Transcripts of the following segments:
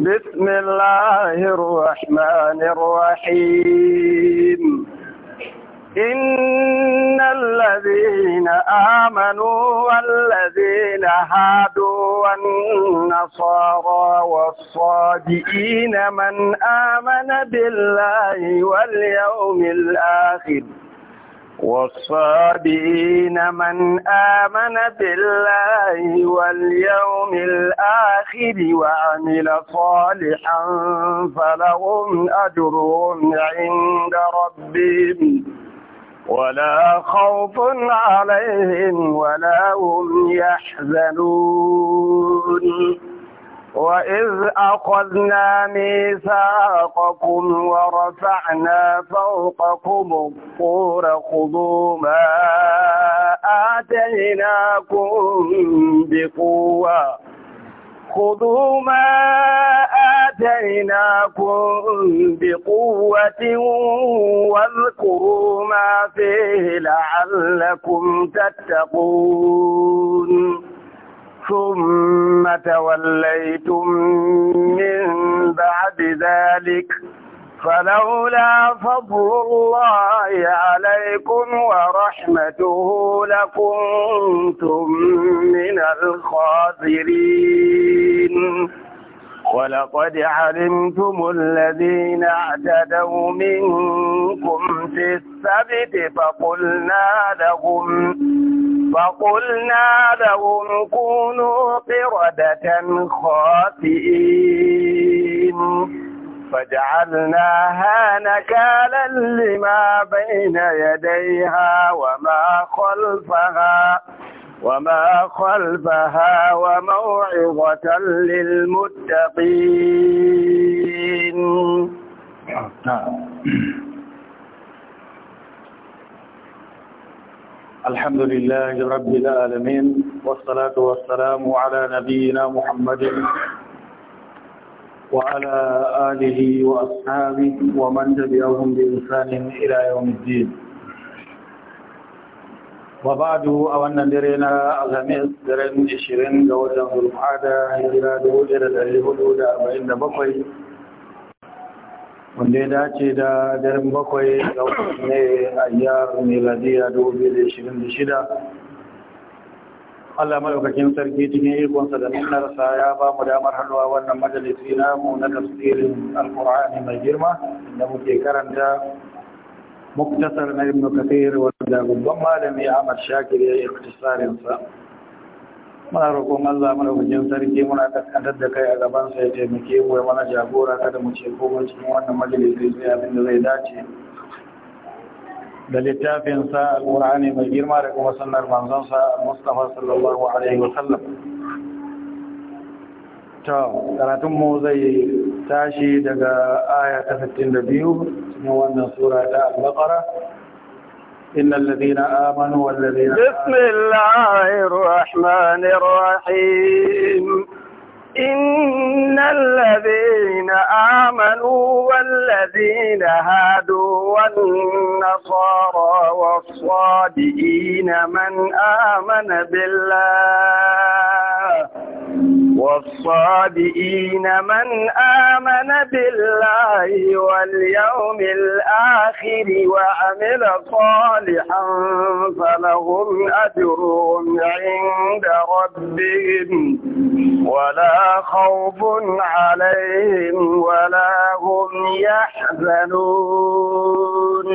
بسم الله الرحمن الرحيم إن الذين آمنوا والذين هادوا والنصارى والصادقين من آمن بالله واليوم الآخر والصابئين من آمن بالله واليوم الآخر وعمل صالحا فلهم أجرهم عند ربهم ولا خوف عليهم ولا هم يحزنون وإذ أخذنا ميثاقكم ورفعنا فوقكم الطور خذوا ما آتيناكم بقوة خذوا ما آتيناكم بقوة واذكروا ما فيه لعلكم تتقون ثم توليتم من بعد ذلك فلولا فضل الله عليكم ورحمته لكنتم من الخاسرين ولقد علمتم الذين اعتدوا منكم في السبت فقلنا لهم فقلنا لهم كونوا قردة خاسئين فجعلناها نكالا لما بين يديها وما خلفها وما خلفها وموعظة للمتقين نعم. نعم. الحمد لله رب العالمين والصلاة والسلام على نبينا محمد وعلى آله وأصحابه ومن تبعهم بإنسان إلى يوم الدين وبعد أولا درينا الهميس درين إشرين جوزا ذو القعدة إلى دولة الهدود أربعين بقي wanda ya dace da daren bakwai ga watan ne a miladiya 2026 Allah maɗaukakin sarki cikin ikonsa da nunarsa ya ba mu damar haɗuwa wannan majalisi namu na tafsirin alkur'ani mai girma da muke karanta muktasar na ibn kathir wanda babban malami Ahmad Shakir ya yi iktisarinsa muna roƙon Allah mana hujjin sarki muna kaskantar da kai a gaban sa ya taimake mu ya mana jagora kada mu ce komai cikin wannan majalisi sai abin da zai dace da littafin sa alqur'ani mai girma da kuma sunnar manzon sa Mustafa sallallahu alaihi wa sallam to karatun mu zai tashi daga aya ta 62 cikin wannan sura ta al-Baqara إن الذين آمنوا والذين بسم الله الرحمن الرحيم إن الذين آمنوا والذين هادوا والنصارى والصادقين من آمن بالله والصادقين من آمن بالله واليوم الآخر وعمل صالحا فلهم أجرهم عند ربهم ولا خوف عليهم ولا هم يحزنون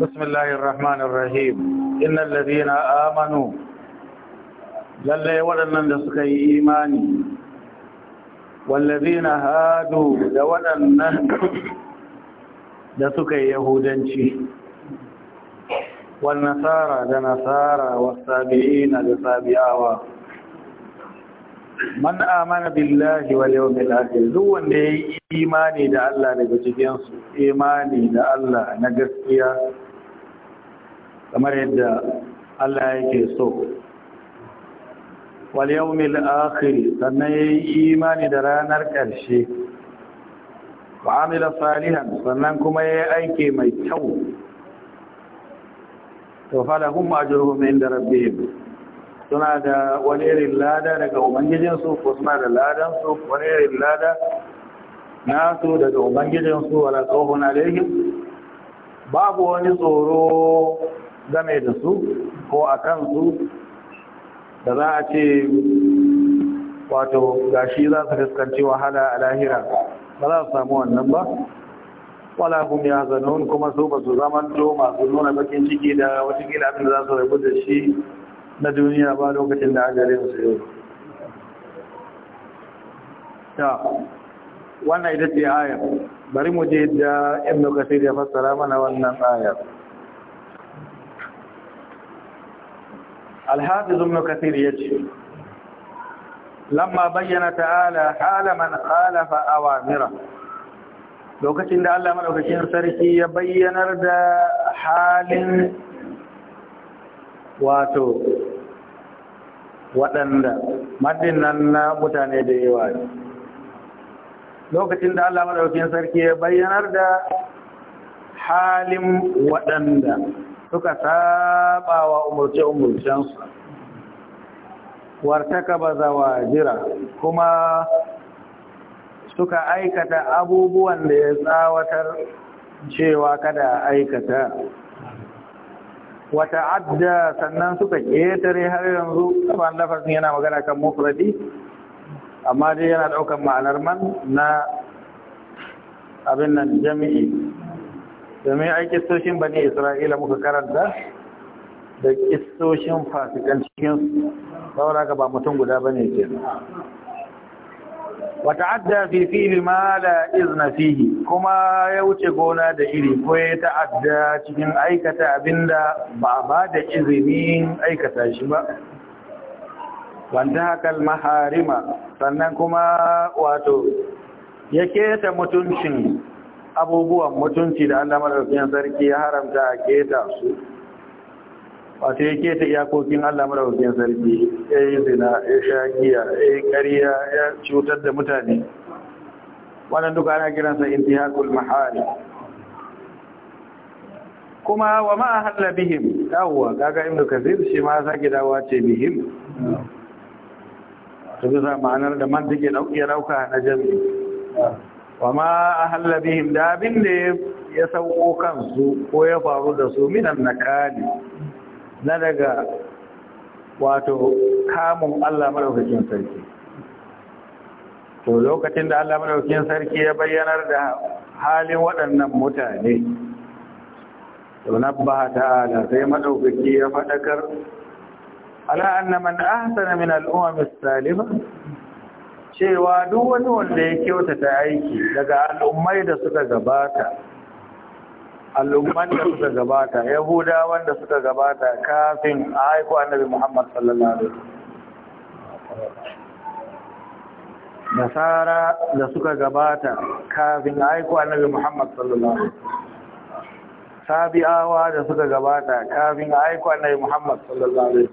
بسم الله الرحمن الرحيم إن الذين آمنوا lallai waɗannan da suka yi imani na hadu da waɗannan da suka yi yahudanci nasara da nasara wasabi'ina da sabi'awa man amana billahi wal yawmil akhir duk wanda ya yi imani da Allah daga cikin su imani da Allah na gaskiya kamar yadda Allah yake so wal yawmil akhir sannan yayi imani da ranar ƙarshe. wa amila salihan sannan kuma yayi aiki mai kyau to falahum ajruhum inda rabbihim suna da wani irin lada daga ubangijinsu ko suna da ladansu wani irin lada nasu daga ubangijinsu wala tsohon alaihim babu wani tsoro game da su ko a kansu da za a ce wato gashi za su fuskanci wahala a lahira ba za su samu wannan ba wala kuma ya zano kuma su ba su zaman to masu nuna bakin ciki da wata kila abin da za su rabu da shi na duniya ba lokacin da ajalin su yau ta wannan ita ce ayar bari mu je da ibnu kasir ya fassara mana wannan ayar alhafiz ibn kathir yace lamma bayyana ta'ala hala man khalafa awamira lokacin da Allah madaukakin sarki ya bayyanar da halin wato waɗanda maddin na mutane da yawa lokacin da Allah madaukakin sarki ya bayyanar da halin waɗanda suka saba wa umurce-umurcensu wartaka ba jira kuma suka aikata abubuwan da ya tsawatar cewa kada aikata wata adda sannan suka ƙetare har yanzu kafan lafazin yana magana kan mufradi amma dai yana ɗaukar ma'anar man na abin nan jami'i domin ai kistoshin bane isra'ila muka karanta da kistoshin fasikan cikin saura ga ba mutum guda bane ke Wata adda fi fihi ma da izna fihi kuma ya wuce gona da iri ko ya ta'adda cikin aikata abinda ba ba da izinin aikata shi ba wanda hakal maharima sannan kuma wato ya keta mutuncin abubuwan mutunci da Allah madaukakin sarki ya haramta a keta su wato ya keta iyakokin Allah madaukakin sarki ya yi zina ya sha giya ya yi ƙarya ya cutar da mutane wannan duka ana kiransa intihakul mahali kuma wa ma halla bihim yawwa kaga ibnu kathir shi ma sake dawa ce bihim to bisa ma'anar da man take dauke dauka na jami'i wa ma ahalla bihim da abin da ya sauko kansu ko ya faru da su minan na kani na daga wato kamun Allah madaukakin sarki to lokacin da Allah madaukakin sarki ya bayyanar da halin waɗannan mutane to nabbaha ta'ala sai maɗaukaki ya fadakar ala na man ahsana min al-umam salima cewa duk wani wanda ya kyautata aiki daga al'ummai da suka gabata al'umman da suka gabata yahudawan da suka gabata kafin a haiku annabi muhammad sallallahu alaihi nasara da suka gabata kafin a haiku annabi muhammad sallallahu alaihi sabi'awa da suka gabata kafin a haiku annabi muhammad sallallahu alaihi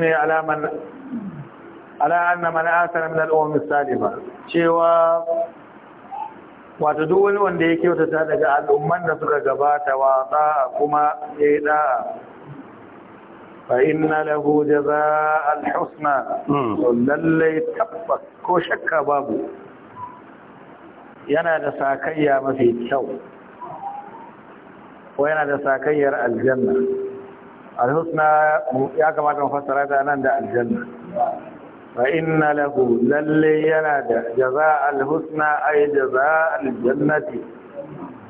ne alamar ala anna man asana min al-umam as-salima cewa wato duk wani wanda ya kyautata daga al'umman da suka gabata wa da'a kuma ya da'a fa inna lahu jazaa'al husna hmm. lallai tabbas ko shakka babu yana da sakayya mafi kyau ko yana da sakayyar aljanna al-husna ya kamata mu fassara ta nan da aljanna fa inna lahu lalle yana da jaza alhusna ay jaza aljannati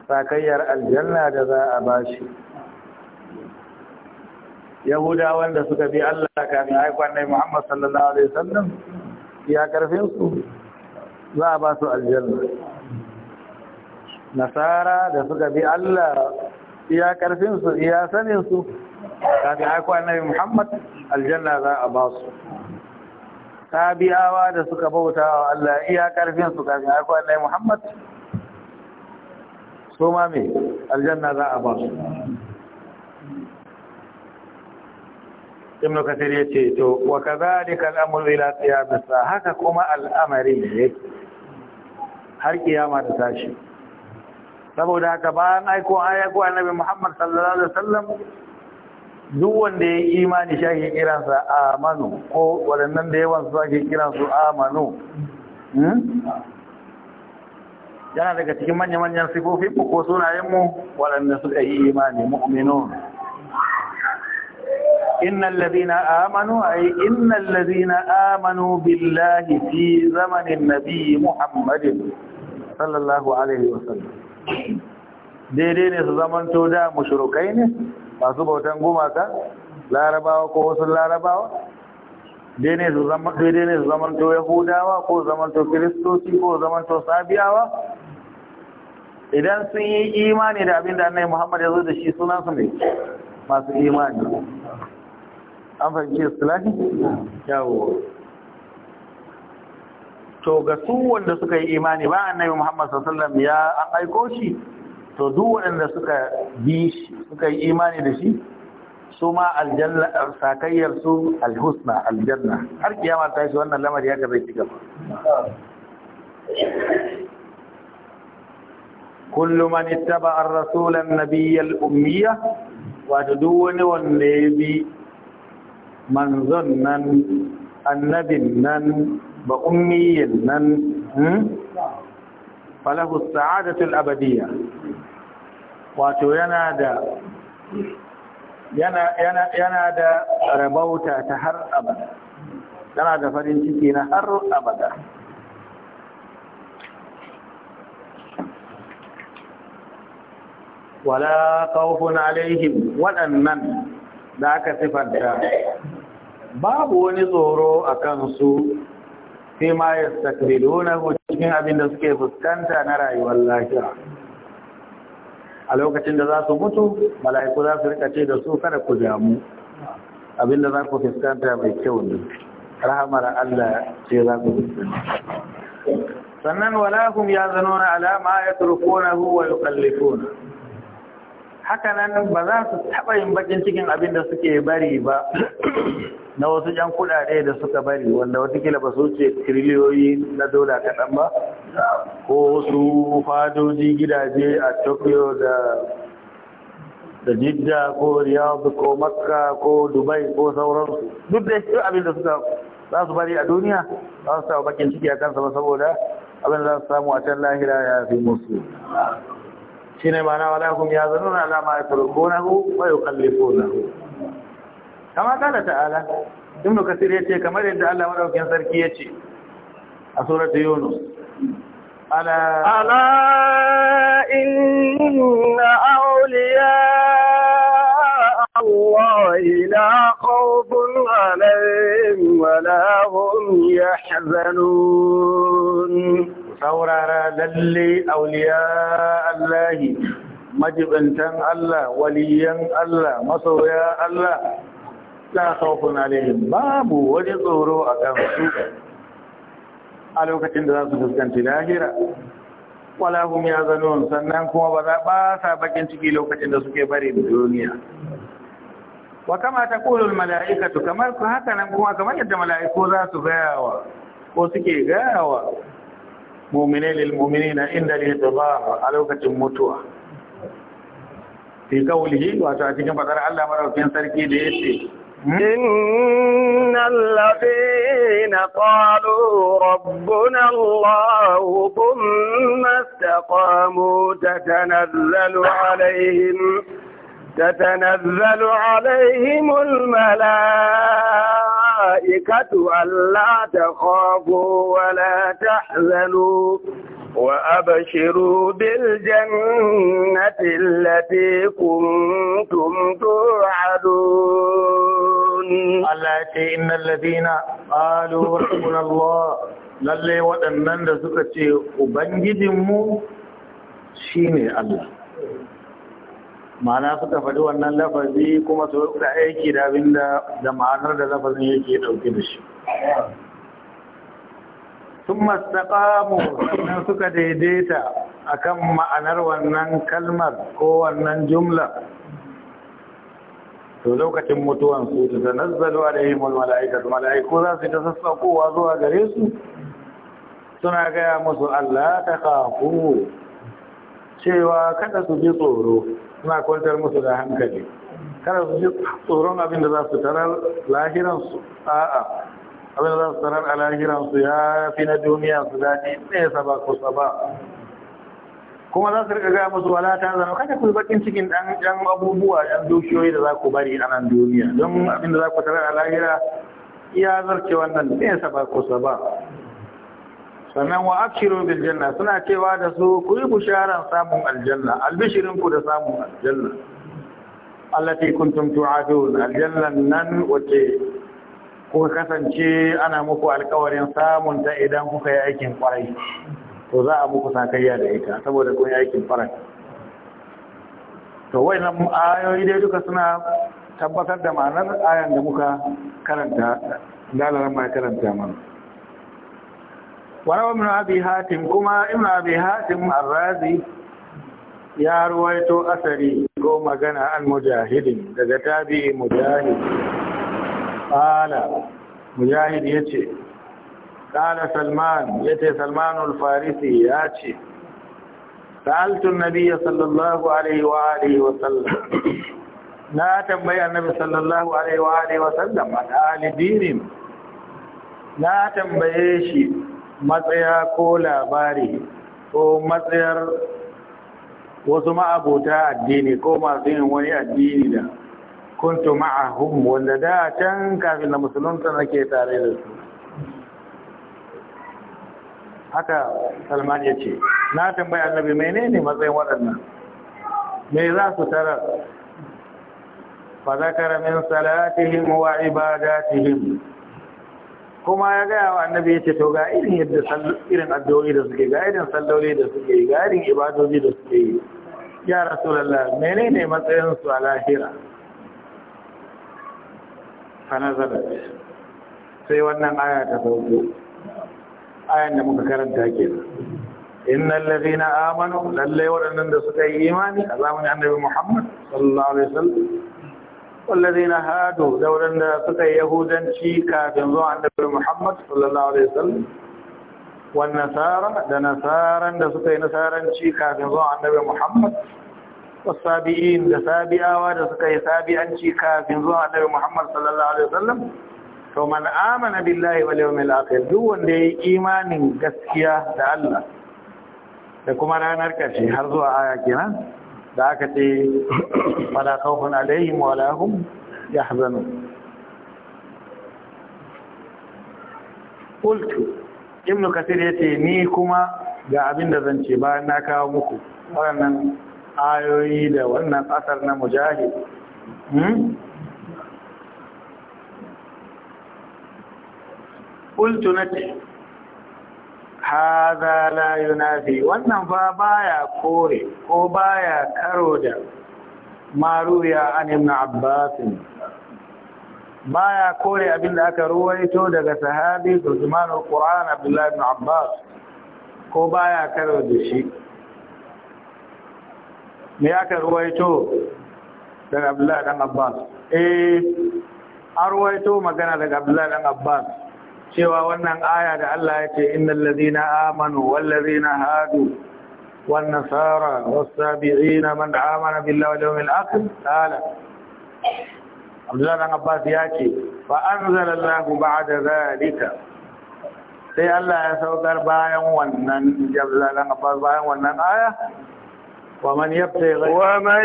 sakayyar aljanna da za a bashi yahuda wanda suka bi Allah kafin aikon nai Muhammad sallallahu alaihi wasallam ya karfin su za a ba su aljanna nasara da suka bi Allah iya karfin iya sanin su kafin Muhammad aljanna za a ba su tabiawa da suka bauta wa Allah iya karfin su kafin haifu Allah Muhammad su ma me aljanna za a ba su ibn kasir ya ce to wa kazalika al-amru ila qiyamis haka kuma al'amari ne har kiyama da tashi saboda haka bayan aiko ayako annabi Muhammad sallallahu alaihi wasallam duk wanda ya yi imani shi ake kiransa amanu ko waɗannan da yawan su ake kiransu amanu hmm? yana daga cikin manya-manyan sifofin ko sunayenmu waɗanda suka yi imani mu'minun innal ladina amanu ay innal ladina amanu billahi fi zamanin nabi muhammadin sallallahu alaihi wasallam daidai ne su zamanto da mashirukai ne masu bautan gumaka larabawa ko wasu larabawa dai ne su zamanto yahudawa ko zamanto kiristoci ko zamanto sabiyawa idan sun yi imani da abin da annabi Muhammad ya zo da shi sunansu su ne masu imani an fahimci islahi yawo to ga su wanda suka yi imani ba annabi Muhammad sallallahu alaihi wasallam ya aiko shi to duk waɗanda suka bi shi suka yi imani da shi su ma aljanna sakayyar alhusna aljanna har kiyama ta shi wannan lamari ya gaba ci gaba kullum man ittaba ar-rasul an-nabiy al duk wani wanda ya bi manzon nan annabin nan ba ummiyin nan hmm? falahu sa'adatul abadiyya wato yana da yana yana yana da rabauta ta har abada yana da farin ciki na har abada wala khawfun alaihim waɗannan da aka sifanta babu wani tsoro akan su sai ma yastakbiluna cikin abin da suke fuskanta na rayuwar lafiya a lokacin da za su mutu mala'iku za su rika da su kada ku damu abinda za ku fuskanta mai kyau ne rahamar Allah ce za ku fuskanta sannan walahum zanuna ala ma yatrukuna wa yuqallifuna hakanan ba za su taɓa yin bakin cikin abin da suke bari ba na wasu ƴan kudade da suka bari wanda watakila ba su ce triliyoyi na dola kaɗan ba ko su fadoji gidaje a tokyo da da jidda ko Riyadh, ko makka ko dubai ko sauransu duk da shi abin da suka za su bari a duniya za su taɓa bakin ciki a kansa ba saboda abin da za su samu a can lahira ya fi musu shi ne na wala hum ya zanu na alama ya ko na hu wa yi kallifo na hu kama kala ta'ala ibn kasir ya ce kamar yadda allah madaukin sarki ya ce a suratu yunus ala ala inna awliya la khawfun خوف wa la hum yahzanun saurara lalle auliya lillahi majibintan Allah waliyan Allah masoya Allah la khawfun alaihim babu wani tsoro a kansu a lokacin da za su fuskanci lahira wala hum yazanun sannan kuma ba za ba sa bakin ciki lokacin da suke bari duniya wa kama taqulu al mala'ikatu kamar haka nan kuma kamar yadda mala'iku za su gayawa ko suke gayawa mu'minai lil na inda al a lokacin mutuwa fi kaulihi wato a cikin fasar Allah maraukin sarki da yace إن الذين قالوا ربنا الله ثم استقاموا تتنزل عليهم تتنزل عليهم الملائكة الملائكة ألا تخافوا ولا تحزنوا وأبشروا بالجنة التي كنتم توعدون التي إن الذين قالوا ربنا الله للي ودنن da suka ce ubangijinmu shine Allah ma'ana suka faɗi wannan lafazi kuma su da aiki da abin da ma'anar da lafazin yake ɗauke da shi sun mastaƙamu sannan suka daidaita akan ma'anar wannan kalmar ko wannan jumla to lokacin mutuwan su ta tanazzalu alaihimul su mala'iku za su ta sassakowa zuwa gare su suna gaya musu Allah ta kafu cewa kada su ji tsoro suna kwantar musu da hankali kada su ji tsoron abin da za su tarar lahiransu a'a abin da za su tarar a lahiransu ya fi na duniya su daɗi ɗaya saba ko saba kuma za su riga musu wala ta zana kada ku bakin cikin ɗan ɗan abubuwa ɗan dukiyoyi da za ku bari a nan duniya don abin da za ku tarar a lahira iya zarce wannan ɗaya saba ko saba sannan wa abshiru bil janna suna cewa da su ku yi bisharan samun aljanna albishirin ku da samun aljanna allati kuntum tu'adun aljannan nan wace kuka kasance ana muku alƙawarin samun ta idan kuka yi aikin kwarai to za a muku sakayya da ita saboda kun yi aikin kwarai to wayannan ayoyi dai duka suna tabbatar da ma'anar ayan da muka karanta dalaran ma karanta mana wani wa muna bi hatin kuma ina bi hatin arrazi ya ruwaito asari ko magana an mujahidin daga tabi mujahid ƙala mujahid ya ce ƙala salman farisi ya ce ƙaltun nabiya sallallahu alaihi wa wa sallam na tambaya nabi sallallahu alaihi wa wa sallam a na tambaye shi matsaya ko labari ko matsayar wasu ma'abota addini ko masu yin wani addini da kuntu ma'ahum wanda da can kafin na musulunta ke tare da su haka salman ya ce na tambayi annabi menene matsayin waɗannan me za su tara fa zakara min salatihim wa ibadatihim kuma ya gaya wa annabi ya ce to ga irin yadda irin addu'o'i da suke ga irin salloli da suke ga irin ibadoji da suke yi ya rasulullah menene matsayin su a lahira fanazara sai wannan aya ta sauko ayan da muka karanta kenan inna ladina amanu lallai waɗannan da suka yi imani a zamanin annabi Muhammad sallallahu alaihi wasallam wallazina hadu da wadanda suka yi yahudanci kafin zuwa annabi Muhammad sallallahu alaihi wasallam wan nasara da nasaran da suka yi nasaranci kafin zuwa annabi Muhammad wasabi'in da sabi'awa da suka yi sabi'anci kafin zuwa annabi Muhammad sallallahu alaihi wasallam to man amana billahi wal yawmil akhir duk wanda ya yi imanin gaskiya da Allah da kuma ranar karshe har zuwa aya kenan da aka ce wala khawfun mawalahun ya hazanu yahzanun qultu ibnu ya ce ni kuma ga abin da zan ce bayan na kawo muku waɗannan ayoyi da wannan ƙasar na mujahid hmm? na ce. haza la yunafi wannan ba baya kore ko baya karo da maruya an ibn abbas baya kore abinda aka ruwaito daga sahabi Uthman al-Qur'an Abdullah ibn Abbas ko baya karo da shi me aka ruwaito daga Abdullah ibn Abbas eh an ruwaito magana daga Abdullah ibn Abbas cewa wannan aya da Allah ya ce innal ladina amanu wal ladina hadu wan nasara was sabiin man amana billahi wal yawmil akhir qala Abdullah bin Abbas ya ce fa anzala Allah ba'da zalika sai Allah ya saukar bayan wannan jabzalan Abbas bayan wannan aya ومن يبتغي غير ومن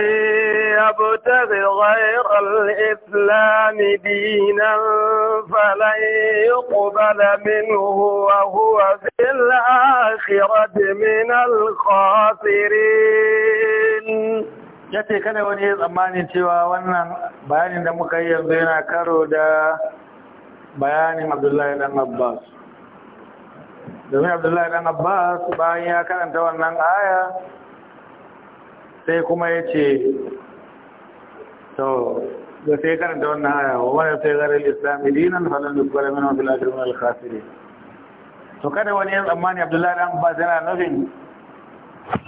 يبتغي غير الإسلام دينا فلن يقبل منه وهو في الآخرة من الخاسرين yace kada wani ya tsammanin cewa wannan bayanin da muka yi yanzu yana karo da bayanin Abdullahi dan Abbas domin Abdullahi dan Abbas bayan ya karanta wannan aya sai kuma ya ce to da sai karanta wannan aya wa wani sai zarar islami dinan halin da kwallon mina fil ajirin alkhasiri to kada wani yin tsammani abdullahi dan ba yana nufin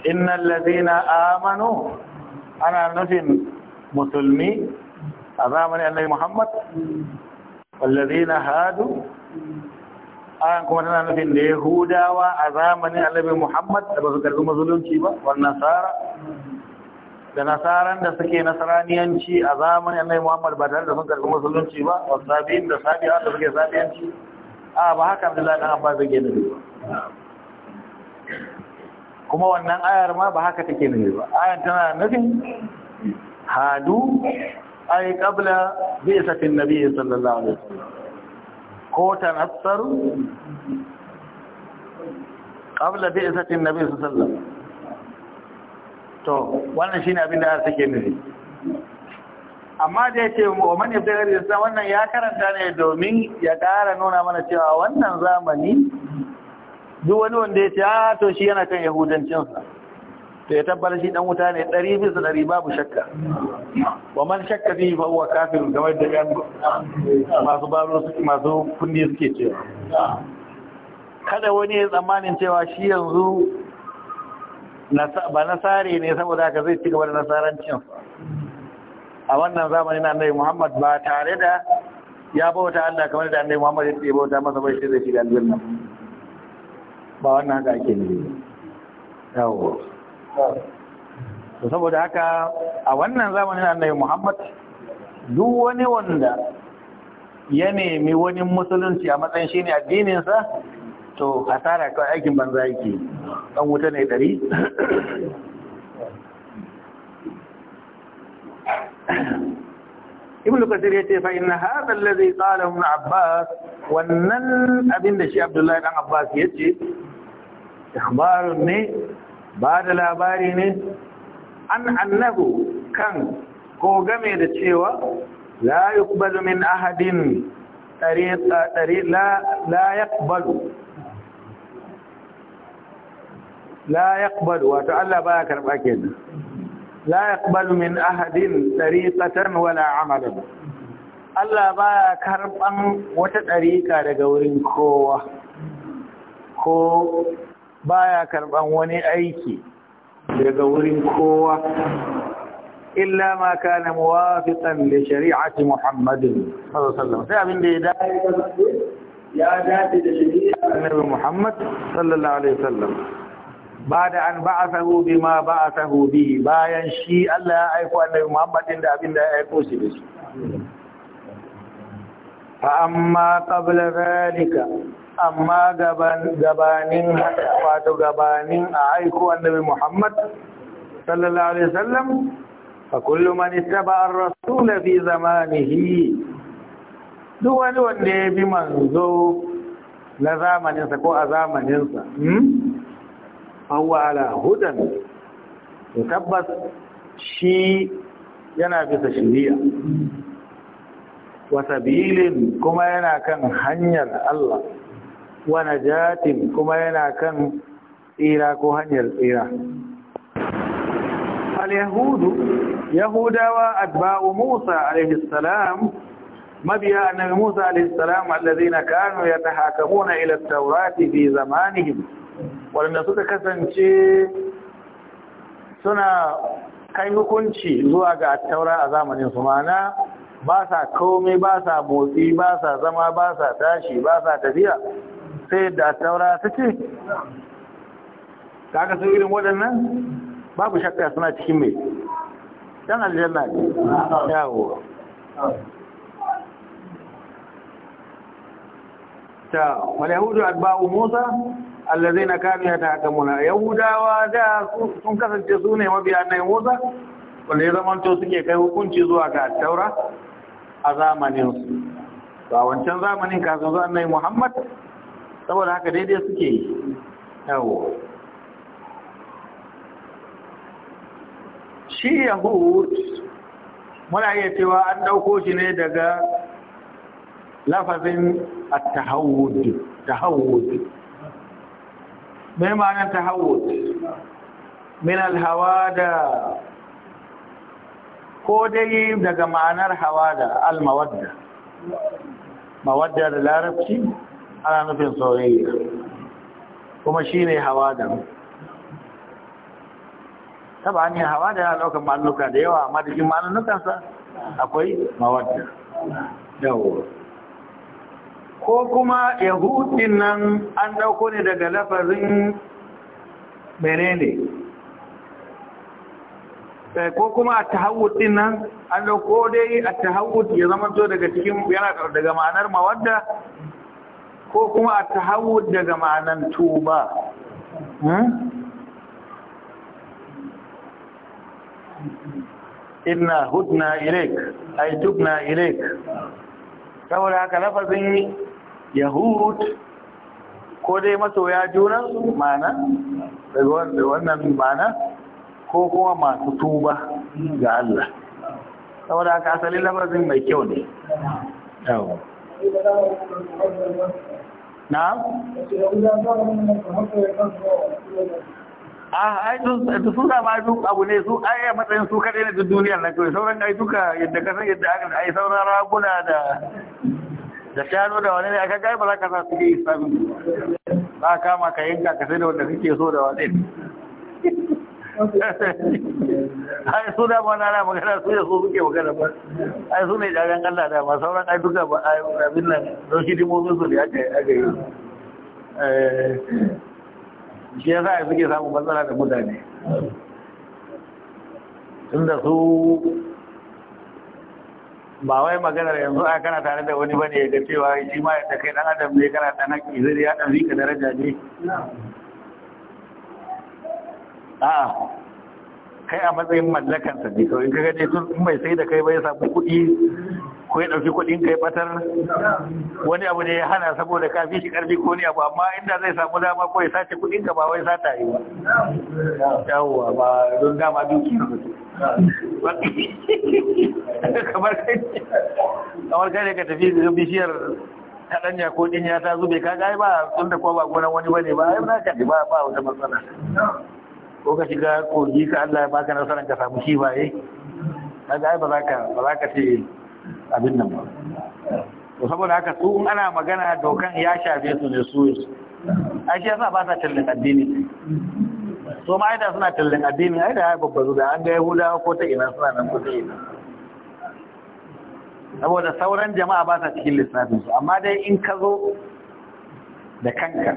innal ladina amanu ana nufin musulmi a zamanin annabi muhammad wallazina hadu ayan kuma tana nufin da yahudawa a zamanin annabi muhammad da ba su karbi musulunci ba wannan nasara da nasaran da suke nasaraniyanci a zamanin annabi Muhammad ba tare da sun karɓi musulunci ba wa sabiin da sabiya da suke sabiyanci a ba haka Abdullahi dan Abbas yake nufi kuma wannan ayar ma ba haka take nufi ba ayar tana nufin hadu ay qabla bi'satin nabiy sallallahu alaihi wasallam ko tanassaru qabla bi'satin nabiy sallallahu alaihi wasallam to wannan shine abin da suke nufi amma da yake wa man fara islam wannan ya karanta ne domin ya ƙara nuna mana cewa wannan zamani duk wani wanda ya ce ah to shi yana kan yahudancinsa to ya tabbata shi dan wuta ne ɗari bisa ɗari babu shakka wa man shakka fihi fa huwa kafir kamar da kan masu su masu kundi suke cewa kada wani ya tsammanin cewa shi yanzu ba nasare ne saboda haka zai ci gaba da nasarancin a wannan zamanin annabi Muhammad ba tare da ya bauta Allah kamar da annabi Muhammad ya bauta masa bai shi zai shiga aljanna ba wannan haka ake ne yawo saboda haka a wannan zamanin annabi Muhammad duk wani wanda ya nemi wani musulunci a matsayin shine addininsa to hasara kawai aikin banza yake ɗan wuta ne dari? ibn kasir yace ce fa inna hadha alladhi qala ibn abbas wannan abin da shi abdullahi dan abbas yace ce ikhbarun ne ba da labari ne an annahu kan ko game da cewa la yuqbalu min ahadin tariqa tariqa la la yaqbalu la yaqbal wato Allah baya karba kenan la yaqbal min ahadin tariqatan wala amalan Allah baya karban wata tariqa daga wurin kowa ko baya karban wani aiki daga wurin kowa illa ma kana muwafiqan li shari'ati Muhammadin sallallahu alaihi sai abin da ya dace ya dace da shari'a Annabi Muhammad sallallahu alaihi wasallam ba da an ba'athahu bima ba'athahu bi bayan shi Allah ya aiko annabi Muhammadin da abin da ya aiko shi da shi fa amma qabla zalika amma gabanin wato gabanin a aiko annabi Muhammad sallallahu alaihi wasallam fa kullu man ittaba ar-rasul fi zamanihi duk wani wanda ya bi manzo na zamaninsa ko a zamaninsa hmm? an wa'ala hudan tabbas shi yana bisa shiriya wa sabilin kuma yana kan hanyar Allah wa najatin kuma yana kan tsira ko hanyar tsira al-yahudu yahudawa Adba'u Musa alayhi salam mabiya annabi Musa alayhi salam alladhina kanu yatahakamuna ila at-taurati fi zamanihim waɗanda suka kasance suna kai hukunci zuwa ga taura a zamanin su mana ba sa komai ba sa motsi ba sa zama ba sa tashi ba sa tafiya sai da taura su ce kaga sun irin waɗannan babu shakka suna cikin mai ɗan aljanna ne yawo ta wani yahudu musa na ta haka muna yahudawa da sun kasance su ne mabiya na Musa wanda ya zama to suke kai hukunci zuwa ga taura a zamanin su ba wancan zamanin kafin zuwa annai Muhammad saboda haka daidai suke yi yawo shi yahud muna iya cewa an ɗauko shi ne daga lafazin a tahawud mai ta? tahawud min alhawada ko dai daga ma'anar hawada almawadda mawadda da larabci ana nufin soyayya kuma shi shine hawada taba an yi hawada yana lokacin ma'anuka da yawa amma da jin ma'anukansa akwai mawadda yawon ko kuma yahudin nan an ɗauko ne daga lafazin menene eh, ko kuma a tahawud nan an ɗauko dai a tahawud ya zama to daga cikin yana daga ma'anar mawadda ko kuma a tahawud daga ma'anar tuba hmm? inna hudna ilaik ay tubna irek saboda haka lafazin yahud ko dai masoya junan mana da wannan mana ko kuma masu tuba ga Allah saboda haka asalin lafazin mai kyau ne na? a haitu su zama duk abu ne su ai a matsayin su kaɗai na duniyar na kawai sauran ai duka yadda kasar yadda aka ai sauran raguna da da shanu da wani ne aka gai ba za ka sa su yi sami ba kama ka yanka ka sai da wanda kake so da wani ai su da mana na magana su da su suke magana ba ai su ne jagan Allah da ma sauran ai duka ba ai abin nan don shi dimomin su ne aka aka yi eh, shi yasa ai suke samun matsala da mutane tunda su ba wai maganar yanzu a kana tare da wani bane ga cewa shi ma yadda kai dan adam ne kana dan haƙi zai ya dan rika daraja ne a'a kai a matsayin sa ne kawai kaga gaje tun mai bai sai da kai bai samu kuɗi ko ya dauki kuɗin kai batar wani abu ne ya hana saboda ka fi shi ƙarfi ko ne abu amma inda zai samu dama ko ya sace kuɗin ka ba wai sata yi ba yawwa ba don dama dukiyar mutum kamar kai ne ka tafi bishiyar kaɗanya ko ɗinya ta zube ka gai ba tun da kuma ba gona wani bane ba ai ba ka ba ba wata matsala ko ka shiga kogi ka Allah ya baka nasarar ka samu shi ba eh ka gai ba za ka ba za ka ce abin nan ba to saboda haka su ana magana dokan ya shafe su ne su ai shi yasa ba sa tallin addini so ma aida suna tallan addini aida ya babba zuwa an ga yahudawa ko ta ina suna nan ko ta ina saboda sauran jama'a ba sa cikin lissafin su amma dai in ka zo da kanka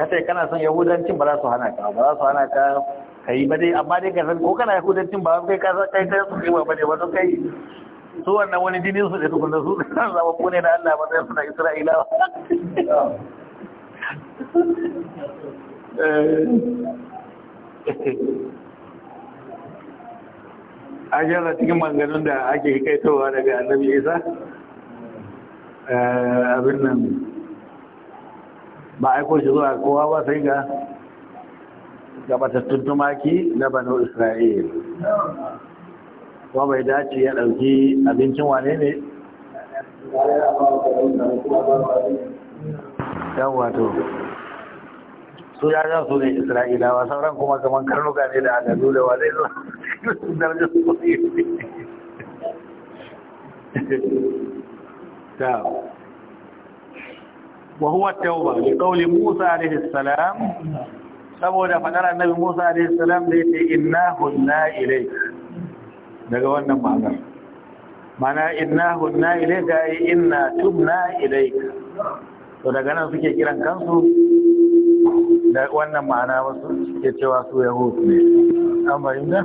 ka ce kana son yahudancin ba za su hana ka ba za su hana ka yi ba dai amma dai ka san ko kana yahudancin ba kai ka san kai ta su kai ba dai ba su kai su wannan wani jinin su da tukun da su da su zama kone na Allah ba zai suna Isra'ilawa eh. an yana cikin manganun da ake kaitowa daga annabi isa eh, abin nan ba aiko shi zuwa kowa ba sai ga gabatattun tumaki na banu isra'il kuma bai dace ya ɗauki abincin wane ne ya wato su ya za su ne isra'ilawa sauran kuma kamar karnuka ne da adadu da wa zai zo darajar su ta wa huwa tauba li qawli Musa alaihi salam saboda fadar annabi Musa alaihi salam da yake inna hunna ilayk daga wannan ma'anar mana inna hunna ilayka inna tubna ilayka to daga nan suke kiran kansu da wannan ma'ana wasu suke cewa su yahudu ne an fahimta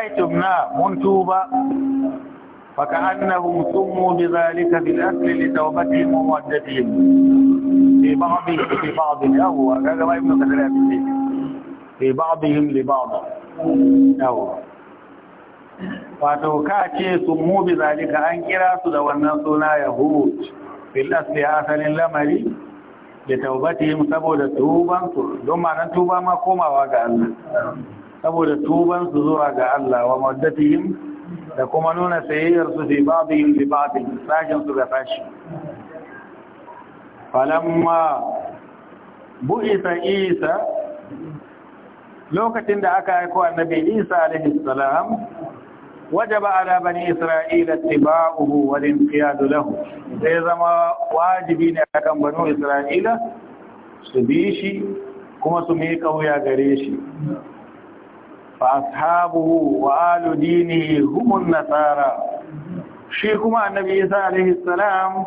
aitum na mun tuba فكأنهم سموا بذلك في الأكل لتوبتهم ومودتهم في بعضهم في بعض أهو هذا ما ابن كثير في بعضهم لبعض أهو wato ka ce sun mubi zalika an kira su da wannan suna yahud fil asli asalin lamari da taubatihim saboda tubansu. su don ma'anar tuba ma komawa ga Allah saboda tubansu zuwa ga Allah wa maddatihim da kuma nuna sayayyar su fi babin li babin sashin su ga sashi falamma bu'isa isa lokacin da aka haiko annabi isa alaihi salam wajaba ala bani isra'ila tiba'uhu wajen inqiyadu lahu sai zama wajibi ne a kan banu isra'ila su bi shi kuma su mai kauya gare shi فأصحابه وآل دينه هم النصارى شيكما النبي إيسى عليه السلام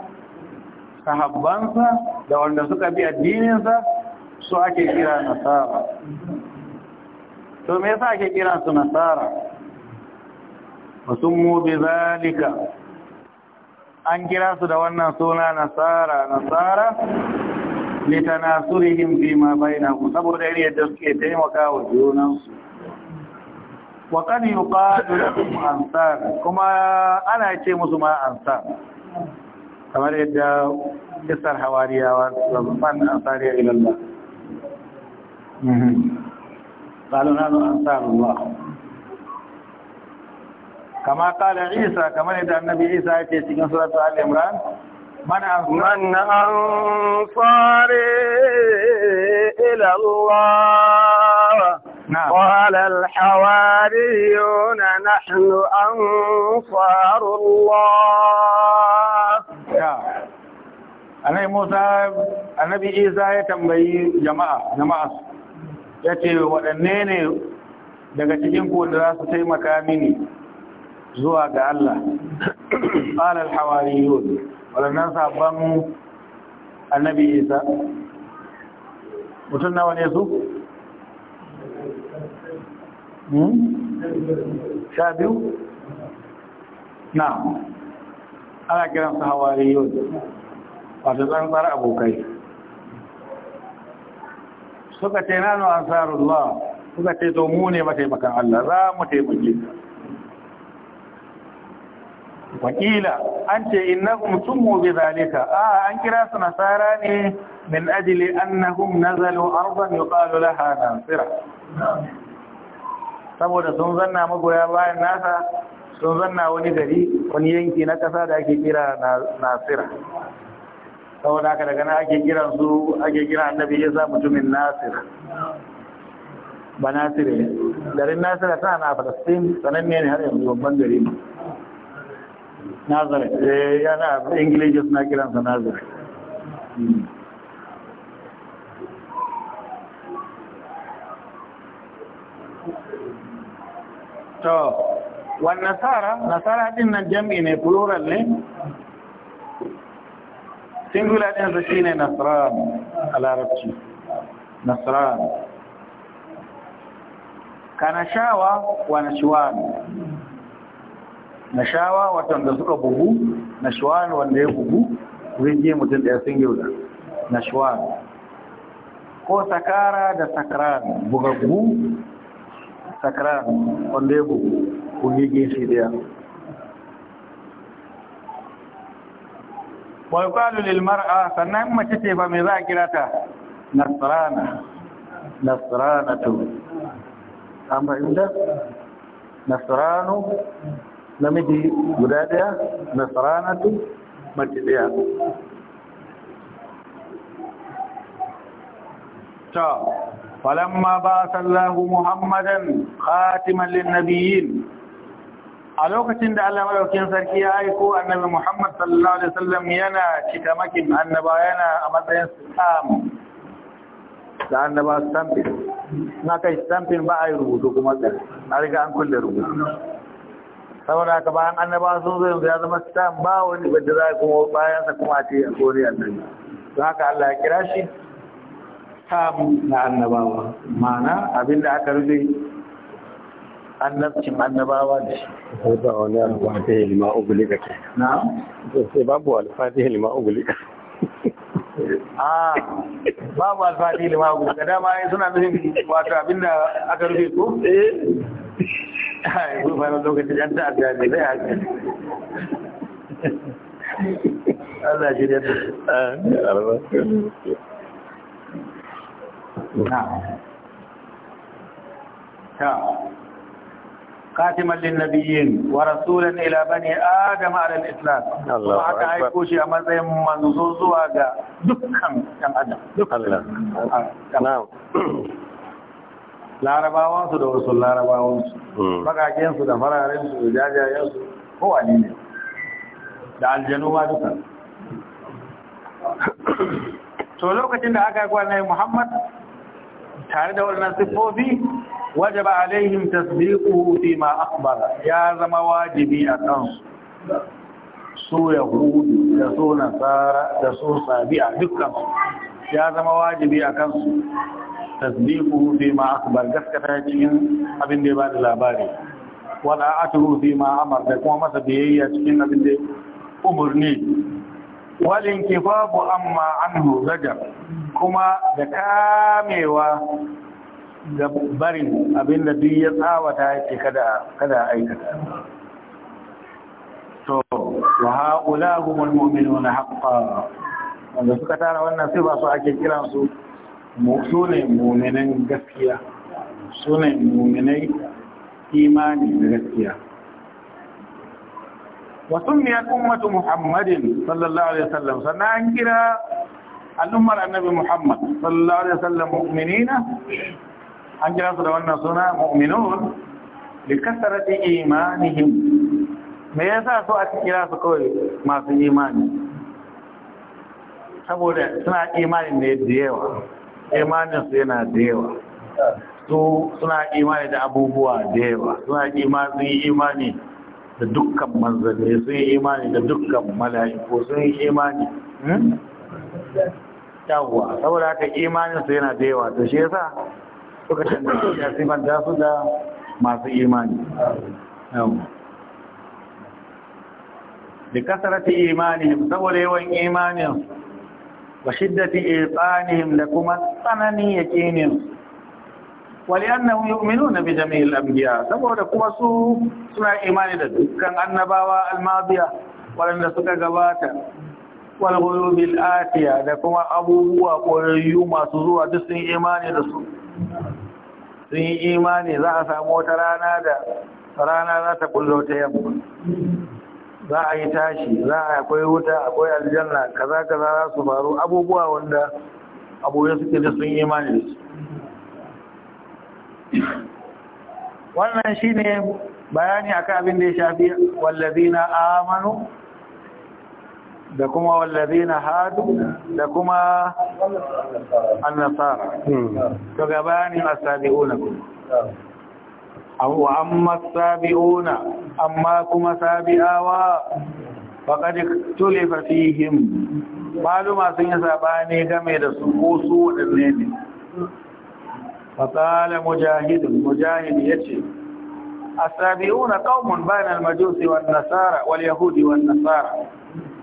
sahabbansa da wanda suka bi addininsa su ake kira nasara to me yasa ake kira su nasara wasummu bi zalika an kira su da wannan suna nasara nasara litanasurihim fi ma bainahum saboda yadda suke taimakawa junansu wa kan yi ƙadu ansar kuma ana ce musu ma ansar kamar yadda isar hawariyawa da zufan ansar ya ilalla ƙalunan mhm. ansar Allah kama ƙala isa kamar yadda annabi isa ya ce cikin suratun al’imran من أنصار إلى الله نعم قال الحواريون نحن أنصار الله Annabi Musa, Annabi Isa ya tambayi jama'a, jama'a ya ce waɗanne ne daga cikin ku da za su taimaka mini zuwa ga Allah. Ƙalar hawariyun, waɗannan sabon Annabi Isa, mutum nawa ne su? Hmm? sha biyu na ana su hawari yau wato tsantsar abokai suka ce nanu ansarullah suka ce to mu ne mataimakan Allah za mu taimake ka wakila an ce innahum mu bi zalika a an kira su nasara ne min ajli annahum nazalu ardan yuqalu laha nasira saboda sun zanna magoya bayan nasa sun zanna wani gari wani yanki na kasa da ake kira nasira saboda haka daga na ake kiran su ake kira annabi isa mutumin nasira ba ne garin nasira tana na falastin sananne ne har yanzu babban gari ne nazare eh, yana ingilishi suna kiransa nazare hmm. to wan nasara nasara din nan jam'i ne plural ne singular din su shine nasran a larabci nasran kana shawa wa nashwan nashawa watan da suka bugu nashwan wanda ya bugu zai je mutum ɗaya singular nashwan ko sakara da sakran bugaggu sakran ondebo kungege shi daya wai qalu lil mar'a sannan mace ce ba me za a kira ta nasrana nasranatu Amma inda nasranu namiji guda daya nasranatu mace daya ta فلما بعث الله محمدا خاتما للنبيين a lokacin da Allah madaukakin sarki ya aiko annabi Muhammad sallallahu alaihi wasallam yana makin annaba yana a matsayin stamp da annaba stamping na kai stamping ba a yi rubutu kuma da na riga an kulle rubutu saboda ka bayan annaba sun zo yanzu ya zama stamp ba wani bada za kuma bayan sa kuma a ce a kori annabi don haka Allah ya kira shi kitabu na annabawa mana abinda aka rufe annabcin annabawa da shi ba wani alfahari lima ugulika ke na sai babu alfahari lima ugulika a babu alfahari lima ugulika dama yin suna nufin wato abinda aka rufe ko eh ko ba lokacin yan ta'adda ne zai haka Allah shi da خاتما wa ورسولا الى بني ادم على الاسلام الله haka aiko shi a matsayin manzo zuwa ga dukkan 'yan adam dukkan larabawan da wasu Larabawansu, bakakensu da fararen da jajayensu su ko ne da aljanu ma duka to lokacin da aka yi kwanan Muhammad tare da waɗannan siffofi wajaba alaihim tasdiquhu fi ma akhbara ya zama wajibi a kansu su yahudu da su nasara da su sabi'a dukkan ya zama wajibi a kansu tasdiquhu fi ma akhbara gaskata cikin abin da ya bada labari wala atru fi ma amar da kuma masa biyayya cikin abin da umurni walin kifafu amma an zajar kuma da kamewa da barin abinda duk ya tsawata yake kada aikata to wa haula humul mu'minuna haqqan wanda suka tara wannan sai ba su ake kiran su su ne mu'minan gaskiya su ne mu'minai imani da gaskiya wa sunniyat ummatu muhammadin sallallahu alaihi wasallam sannan an kira al'ummar annabi muhammad sallallahu alaihi wasallam mu'minina an kira su da wannan suna mu'minun li kasarati imanihim me yasa so a kira su kawai masu imani saboda suna imanin ne da yawa imanin su yana da yawa su suna imani da abubuwa da yawa suna imani imani da dukkan manzanni sun yi imani da dukkan mala'iku sun yi imani hmm? yawwa saboda haka imanin su yana da yawa to shi yasa suka canza ya da su da masu imani da kasarati imanihim saboda yawan imanin wa shiddati iqanihim da kuma tsananin su ولأنهم na بجميع Al'ambiya, saboda kuma su suna imani da dukkan annabawa almabiya waɗanda suka gabata wal atiya da kuma abubuwa koyayyu masu zuwa duk sun imani da su sun yi imani za a samu wata rana da rana za ta kullo ta yamma za a yi tashi za a akwai wuta akwai aljanna kaza kaza za su faru abubuwa wanda abubuwa suke da sun imani da su wannan shi ne bayani a kan abin da ya shafi wallazina amanu da kuma wallazina hadu da kuma annasara to ga bayanin asabiuna wa amma sabiuna amma kuma sabiawa faqad tulifa fihim maluma sun yi sabani game da su ko su wadanne ne فقال مجاهد مجاهد يتي السابعون قوم بين المجوس والنصارى واليهود والنصارى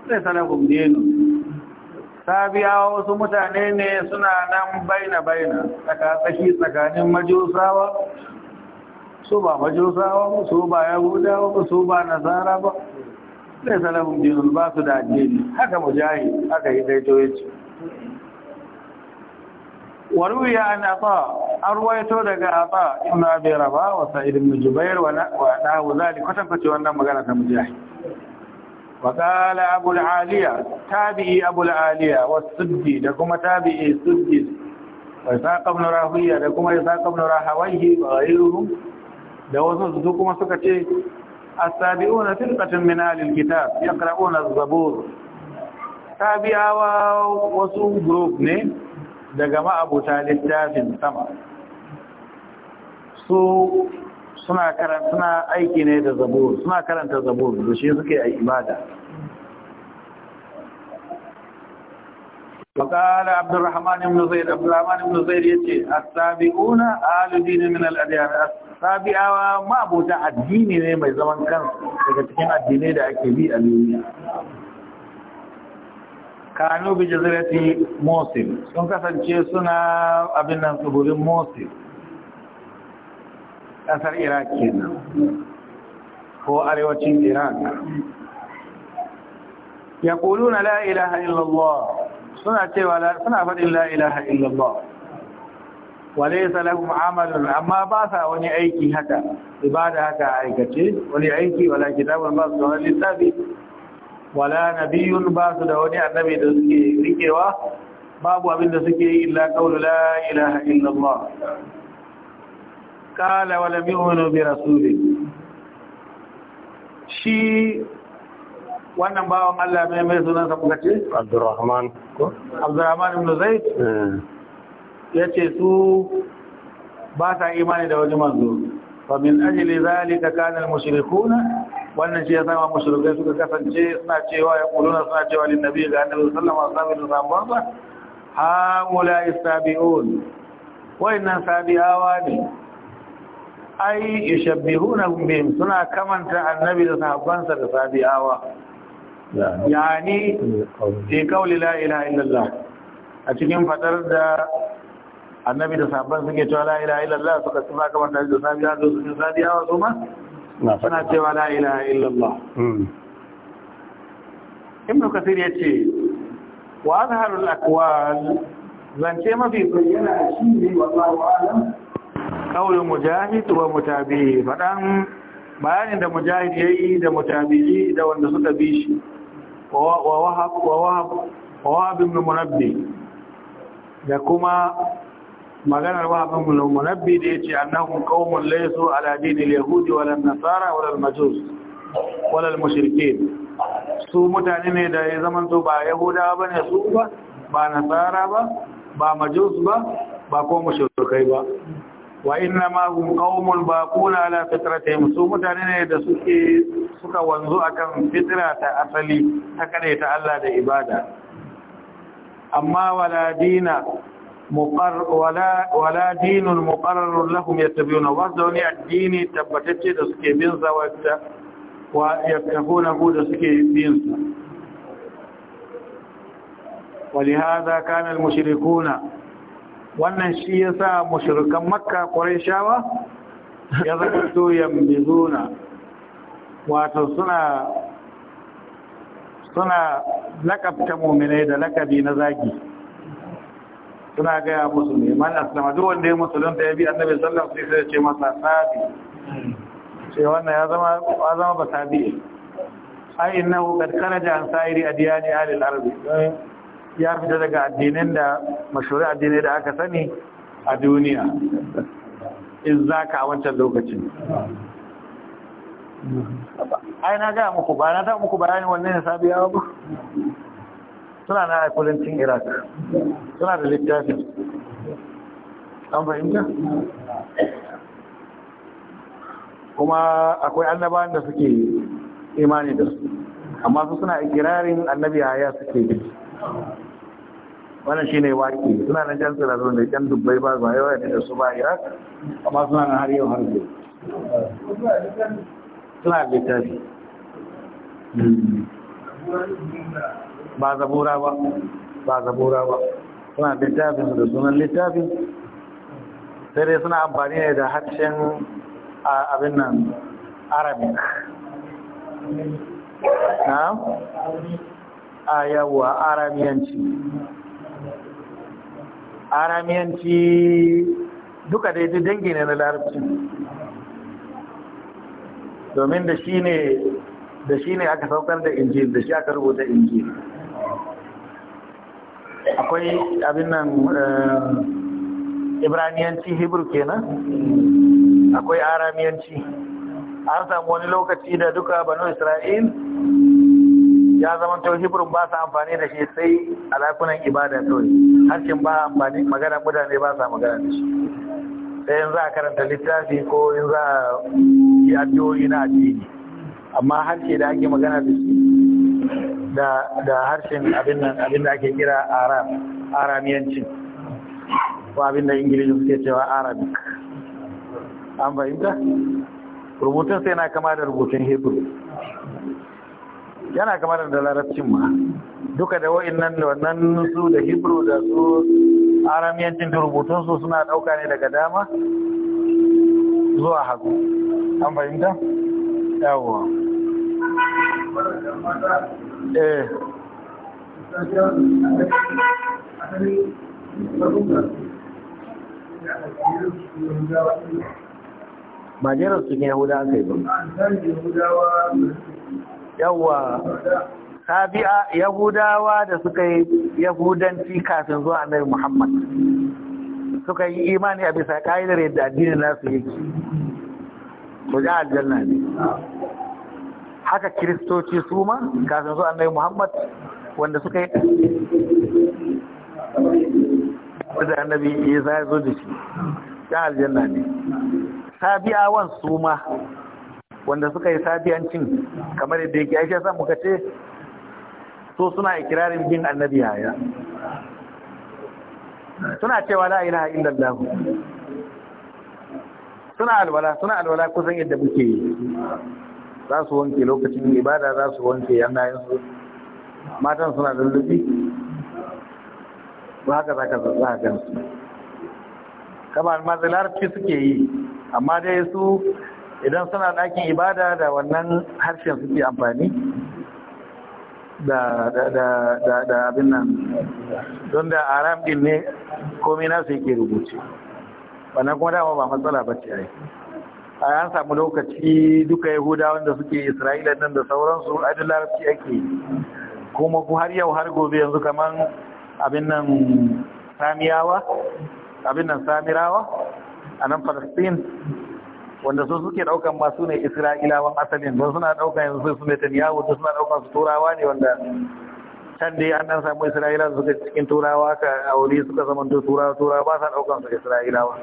ليس لهم دين sabiyawa wasu mutane ne suna nan baina-baina tsakatsaki tsakanin majusawa su ba majusawa su ba yahudawa su ba nasara ba sai salamun dinin ba da addini haka mujahi aka yi daito ya ce وروي عن عطاء أرويت لك عطاء ابن أبي رباء وسعيد بن جبير ونحو ذلك وتنفتي وأنه مقالة مجاهد وقال أبو العالية تابعي أبو العالية والسدي لكم تابعي السدي وإساق بن راهوية لكم إساق بن راهويه وغيره دوزوز لكم سكتي السابعون فرقة من آل الكتاب يقرؤون الزبور تابعوا وسوء جروب daga ma'abuta littafin sama su suna karanta suna aiki ne da zabur suna karanta zabur da shi suke a ibada وقال عبد الرحمن بن زيد عبد الرحمن بن زيد يتي السابقون آل دين من الأديان السابعة ما الدين ne mai zaman kansa daga cikin addinai da ake bi a duniya kanu bi jazirati mosul sun kasance suna abin nan tsibirin mosul ƙasar iraq kenan ko arewacin iraq ya ƙuluna la ilaha illallah suna cewa suna faɗin la ilaha illallah wale salahu amalun amma ba sa wani aiki haka ibada haka aikace wani aiki wala kitabun ba su wani littafi wala nabiyun ba su da wani annabi da suke rikewa babu abin da suke yi illa qawlu la ilaha illa Allah qala wa lam bi rasuli shi wannan bawan Allah mai mai sunan sa kuka ce Abdurrahman ko Abdurrahman ibn Zaid eh. yace su ba sa imani da wani manzo fa min ajli zalika kana al-mushrikuuna wannan shi ya sama mushrikai suka kasance suna cewa ya kuluna suna cewa lin nabi ga annabi sallallahu alaihi wasallam sabon sa haula istabiun sab'i awa ne ai yashabbihunahum bihim suna kamanta annabi da sahabban sa da sabiawa yani ke kauli la ilaha illallah a cikin fadar da annabi da sahabban suke cewa la ilaha illallah suka suna kamanta da sabiawa su sabiawa su ma suna cewa la ilaha illallah hmm. ibn kasir ya ce wa azharul aqwal zance mafi bayyana shi ne wallahu alam qaulul mujahid wa mutabi fadan bayanin da mujahid yayi da mutabi da wanda suka bi shi wa wahab wa wa wahab ibn munabbi da kuma maganar wa abin mulmunabbi da ya ce annahun kawun laisu ala dinin yahudi walal nasara walal majus walal mushrike su mutane ne da ya zama to ba yahudawa ba ne su ba ba nasara ba ba majus ba ba ko mushrikai ba wa inna ma hum qaumun baquna ala fitratihim su mutane ne da suke suka wanzu akan fitra ta asali ta kare ta Allah da ibada amma wala dina مقرر wala ولا دين مقرر لهم يتبعون wanda wani addini tabbatacce da suke bin sa wata wa yattaquna ولهذا كان المشركون wannan shi sa mushrikan makka shawa? ya zanto yambizuna wato suna suna lakabta mu'minai da lakabi na zagi suna gaya musu neman aslama duk wanda ya musulunta ya bi annabi sallam sai sai ce masa sabi ce wannan ya zama ya zama ba sabi ai innahu qad kharaja an sa'iri adiyani ahli al-ardi ya fita daga addinin da mashhuri addinai da aka sani a duniya in zaka a wancan lokacin ai na ga muku ba na ta muku bayani wannan sabiya ba suna na cin iraq suna da littafin an fahimta kuma akwai annabawan da suke imani da su amma su suna ikirarin annabi haya suke yi wannan shine waki suna nan jan tsira zuwa da jan dubbai ba zuwa yawa da su ba iraq amma suna nan har yau har yau suna littafi hmm. ba zabura ba ba zabura ba suna littafin da sunan littafin sai dai suna amfani ne da harshen abin nan arabic na a aramiyanci aramiyanci duka dai dangi ne na larabci domin da shi ne da shi ne aka saukar da injil da shi aka rubuta injil akwai abin nan eh, ibraniyanci hebrew kenan akwai aramiyanci an samu wani lokaci da duka banu isra'il ya zama to hebrew ba su amfani da shi sai alakunan ibada kawai harshen ba amfani magana mutane ba sa magana da shi sai za a karanta littafi ko in za a yi addu'o'i na addini amma harshe da ake magana da da harshen abin da ake kira arab aramiyanci ko abin da ingilishi suke cewa arabic an fahimta rubutun sai na kama da rubutun hebrew yana kama da larabcin ma duka da wa'annan da wannan su da hebrew da su aramiyancin da rubutun su suna dauka ne daga dama zuwa hagu an fahimta yawon eh ba su ne yahuda aka yi ba yawwa sabi'a yahudawa da suka yi yahudanci kafin zuwa annabi muhammad suka yi imani a bisa ƙa'idar yadda addinin nasu yake ku ji aljanna ne haka kiristoci su ma kafin su annabi Muhammad wanda suka yi da annabi ya a zo da shi dan aljanna ne sabiyawan su ma wanda suka yi sabiyancin kamar yadda yake aisha san muka ce so suna ikirarin bin annabi haya suna cewa la ilaha illallah suna alwala suna alwala kusan yadda muke yi za su wanke lokacin ibada za su wanke su matan suna lullubi ba haka za ka zaga gansu kamar masu larabci suke yi amma dai su idan suna ɗakin ibada da wannan harshen suke amfani da da abin nan don da aram din ne komina su yake rubuce wannan kuma dama ba matsala ba ce ai a an samu lokaci duka yahuda wanda suke isra'ila nan da sauransu adin larabci ake kuma ku har yau har gobe yanzu kaman abin nan samiyawa abin nan samirawa a nan palestine wanda su suke daukan masu ne isra'ilawan asalin don suna daukan yanzu su ne tanyawu da suna daukan su turawa ne wanda can dai an samu isra'ila suka cikin turawa ka wuri suka zama to turawa turawa ba sa daukan su isra'ilawa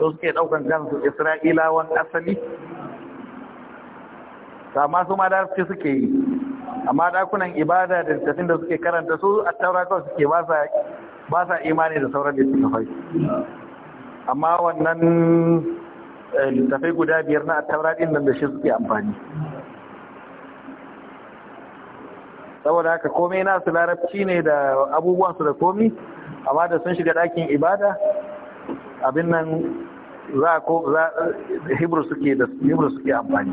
so suke daukan kansu isra'ilawan asali amma su ma da suke suke yi amma dakunan ibada da tafin da suke karanta su a taurata suke ba sa ba sa imani da sauran da suka fai amma wannan eh, littafai guda biyar na a din nan da shi suke amfani saboda haka komai na su larabci ne da abubuwan su da komi amma da sun shiga ɗakin ibada abin nan za ko za hebrew suke da hebrew suke amfani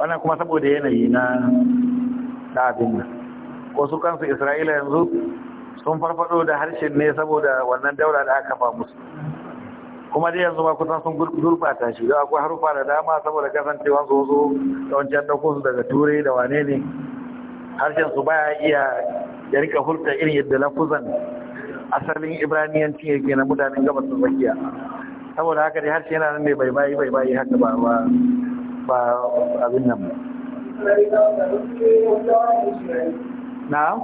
wannan kuma saboda yanayi na da abin nan ko su kansu isra'ila yanzu sun farfado da harshen ne saboda wannan daura da aka fa musu kuma dai yanzu ma kusan sun gurfata shi da akwai harufa da dama saboda kasancewa su wasu wancan ɗauko su daga turai da wane ne harshen su baya iya ya rika hulɗa irin yadda lafuzan asalin ibraniyanci yake na mutanen gabas ta tsakiya saboda haka dai harshe yana nan ne bai bayi bai bayi haka ba ba abin nan ba na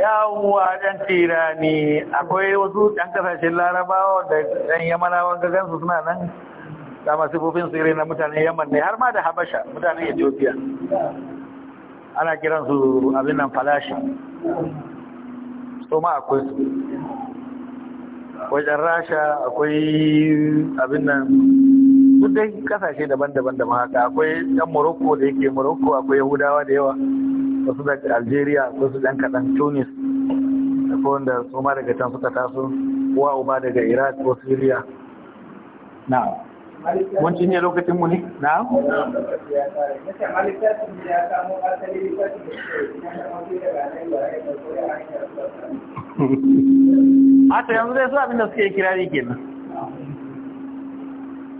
yawuwa ɗan tirani akwai wasu ɗan kasashen larabawa da ɗan yamanawan gagansu suna nan da masu bufin tsire na mutane yaman ne har ma da habasha mutanen ethiopia ana kiransu abin nan falashi so ma akwai su wajen rasha akwai abin nan duk dai kasashe daban-daban da ma haka akwai ɗan Morocco da yake Morocco akwai Yahudawa da yawa wasu daga Algeria wasu ɗan kaɗan Tunis akwai wanda su ma daga can suka taso wa uba daga Iraq ko Syria na mun cinye lokacin mu ne na Ata yanzu dai su abinda suke kirari kenan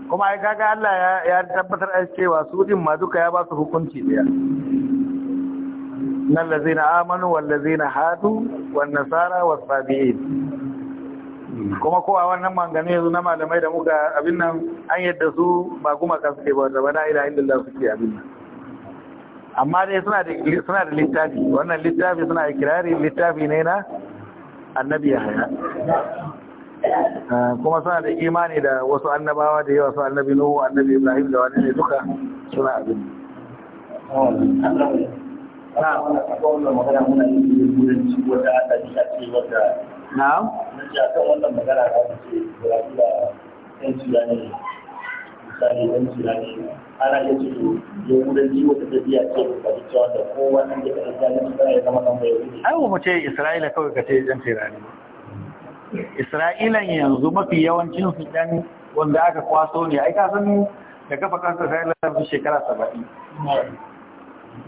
kuma ai kaga Allah ya tabbatar a cewa su din ma duka ya ba su hukunci daya nan lazina amanu wanda lazina hadu wan nasara wa sabiin kuma ko a wannan mangane yanzu na malamai da muka abin nan an yadda su ba kuma kan suke ba da bana ila illallah suke abin nan amma dai suna da suna da littafi wannan littafi suna ikirari littafi ne na annabi ya haya Eh, kuma suna da imani da wasu annabawa da yawa su annabi nuhu annabi ibrahim da wani ne duka suna abin na'am misali ɗan tunani ana iya ciki yahudanci wata tafiya ce ba ta cewa da kowa ɗan da ta zama ɗan bai wuce. Ai, mu ce Isra'ila kawai ka ce ɗan tsirari. isra'ilan yanzu mafi yawancin su ɗan wanda aka kwaso ne ai da kafa kansa isra'ilan su shekara saba'i.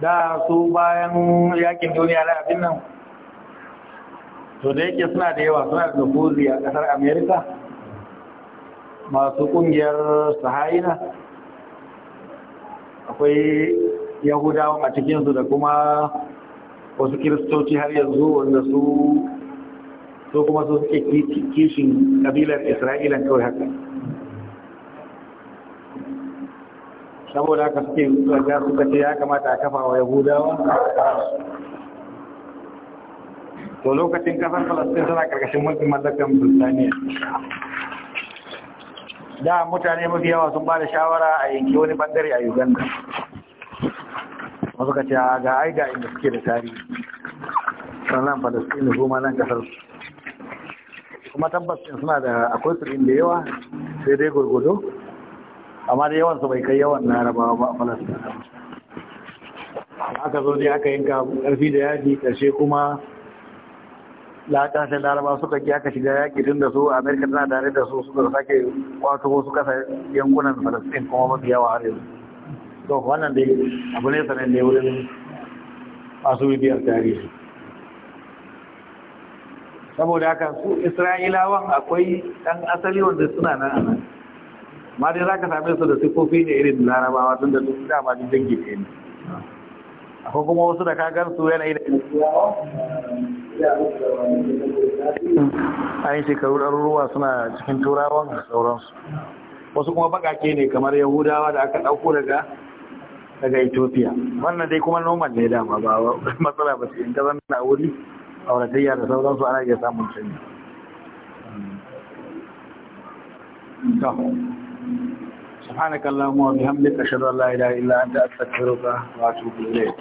da su bayan yakin duniya na abin nan to da yake suna da yawa suna da nufuzi a ƙasar Amerika? masu ƙungiyar sahayina akwai yahudawa a cikinsu da kuma wasu kiristoci har yanzu wanda su so kuma so suke kishin kabilar isra'ila kawai haka saboda haka suke ga suka ce ya kamata a kafa wa yahudawa to lokacin kasar falastin tana karkashin mulkin mallakan birtaniya da mutane mafi yawa sun ba da shawara a yanki wani bangare a uganda wasu ka ce ga aida inda suke da tarihi sannan falastin da kuma nan kasar su kuma tabbas suna da akwai su da yawa sai dai gurgudu amma da yawansu bai kai yawan larabawa ba a falastin aka zo ne aka yanka ƙarfi da yaji ƙarshe kuma lakashin laraba suka ki aka shiga yaƙi tun da su amerika tana tare da su suka sake kwato wasu kasa yankunan falastin kuma mafi yawa har yanzu to wannan dai abu ne sanar da wurin masu bibiyar tarihi saboda haka su isra'ilawan akwai ɗan asali wanda suna nan ana ma dai za ka same su da siffofi ne irin larabawa tun da duk dama jin dangi ne ne akwai kuma wasu da kagan su yanayi da an yi shekaru ɗaruruwa suna cikin turawan da sauransu wasu kuma bakake ne kamar yahudawa da aka ɗauko daga daga ethiopia wannan dai kuma normal ne dama ba matsala ba su in ka zanna wuri auratayya da sauransu ana iya samun canji سبحانك اللهم وبحمدك أشهد أن لا إله إلا أنت أستغفرك وأتوب إليك